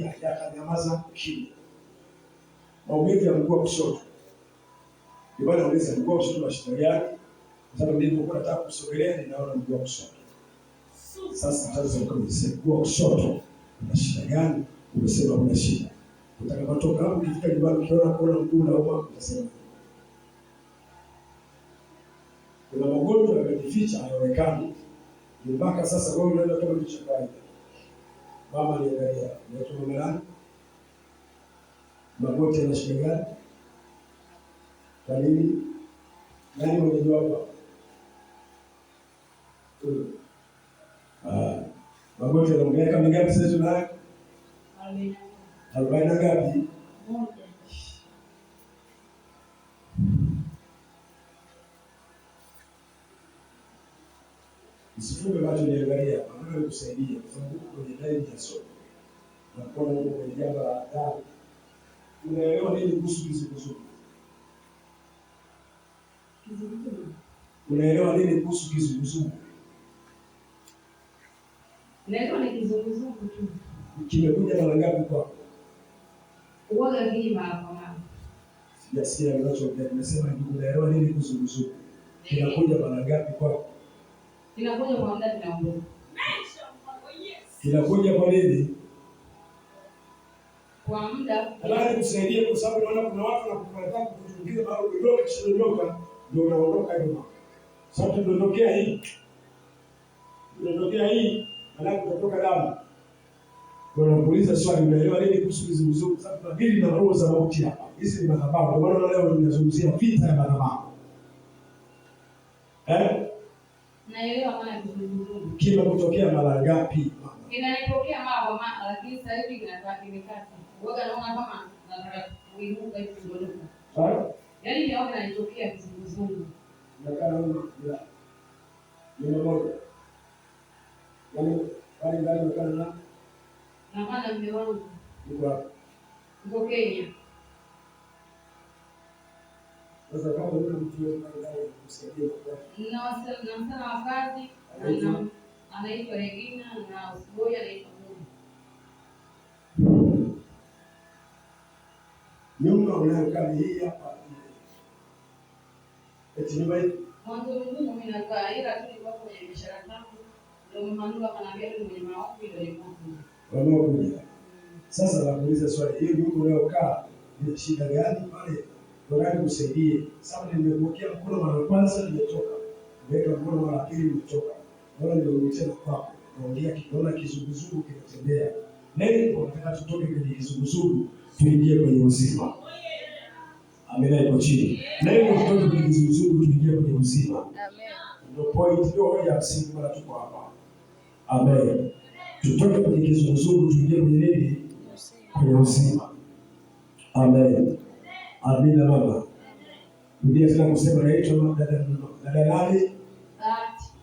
Yakaja yakanyamaza kimya. Maumivu ya mguu wa kushoto. Ndio maana nauliza mguu wa kushoto una shida gani? Sababu ndipo kwa nataka kusogelea ninaona mguu wa kushoto. Sasa tatizo liko ni mguu wa kushoto una shida gani? Umesema una shida. Utakapotoka hapo ukifika nyumbani ukiona kuona mguu unauma utasema. Kuna magonjwa yamejificha hayaonekani. Mpaka sasa wewe unaenda kama kichwa Baba niangalia, unaitwa mama nani? Magoti yana shida gani? Kwa nini? Nani mwenyeji hapa? Ah, magoti yanaongea kama mingapi? sasa tunayo? Arobaini na ngapi? Moja. Usifunge macho niangalia, hakuna kusaidia kufunguka kwenye dai ya soko. Na kwa hiyo kwenye jambo la adhabu. Unaelewa nini kuhusu hizi kuzuri? Unaelewa nini kuhusu kizunguzungu? Naelewa ni kizunguzungu tu. Kimekuja mara ngapi kwako? Uoga ngima hapo mama. Sijasikia unachoongea. Nimesema unaelewa nini kuzunguzungu? Kinakuja mara ngapi kwako? Inakuja kwa muda tunaondoka. Inakuja kwa nini? Kwa muda. Alafu kusaidia kwa sababu naona kuna watu na wanakukataa kukutumikia au kidogo kishindoka ndio unaondoka hiyo. Sasa tunadondokea hii. Tunadondokea hii alafu utatoka damu. Wanakuuliza swali unaelewa nini kuhusu hizo mzungu? Sababu na roho za mauti hapa. Hizi ni madhabahu. Kwa maana leo tunazungumzia vita ya madhabahu. kila kutokea mara ngapi? Inanipokea mara kwa mara lakini sasa hivi naona kama nataka kuinuka hivi Sawa? Yaani leo inanitokea kizunguzungu. Yaani pale ndani na na Kenya. Sasa kama una mtu yeyote Nyumba unayokaa hii hapa. Eti nyumba hii mwanzo Mungu mimi nakaa ila tu nilikuwa kwenye biashara yangu ndio mmanua kana mbele mwenye maombi ndio nimeona. Wamekuja. Sasa nakuuliza swali, hiyo nyumba unayokaa ina shida gani pale? Lorani msaidie. Sasa nimekuwekea mkono wa kwanza nimetoka. Nimeweka mkono wa pili nimetoka. Bora ndio nimetea kwako. Naongea kidogo kizunguzungu kinatembea. kwa nataka tutoke kwenye kizunguzungu tuingie kwenye uzima. Amina ipo chini. kwa tutoke kwenye kizunguzungu tuingie kwenye uzima. Amen. Ndio point ndio hoja ya msingi bwana tuko hapa. Amen. Tutoke kwenye kizunguzungu tuingie kwenye nini? Kwenye uzima. Amen. Amina baba. Rudia tena kusema naitwa dada nani?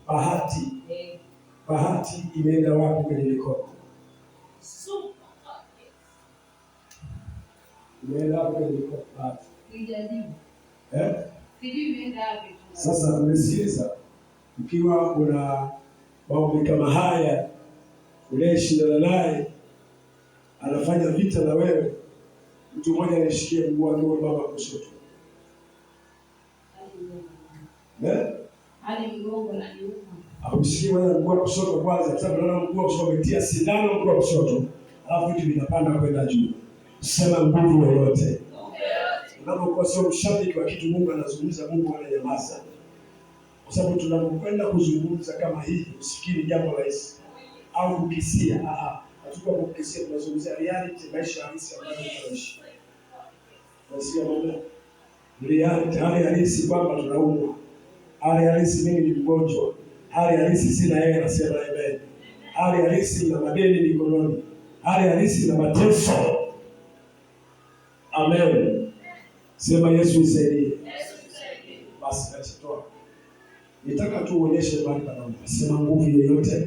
Bahati. Bahati imeenda wapi kwenye mikopo? Imeenda wapi kwenye mikopo Bahati? Eh? Sasa umesikiliza, ukiwa una maombi kama haya, unayeshindana naye anafanya vita na wewe Mtu mmoja alishikia mguu wa nuru baba kushoto. Eh? Hali mgongo na nyuma. Haushikie wewe mguu wa kushoto kwanza kwa sababu naona mguu wa kushoto umetia sindano mguu wa kushoto. Alafu vitu vinapanda kwenda juu. Sema nguvu yoyote. Unapokuwa sio mshabiki wa kitu Mungu anazungumza, Mungu ananyamaza. Kwa sababu tunapokwenda kuzungumza kama hii, usikili jambo rahisi au kukisia. Ah ah. Hatuko kwa kesi, tunazungumzia reality, maisha halisi ambayo tunaishi. Nasikia mambo reality, hali halisi kwamba tunaumwa, hali halisi mimi ni mgonjwa, hali halisi sina hela, nasema amen. Hali halisi na madeni mikononi, hali halisi na mateso. Amen, sema Yesu isaidie. Basi natitoa, nitaka tu uonyeshe mahali panaposema nguvu yoyote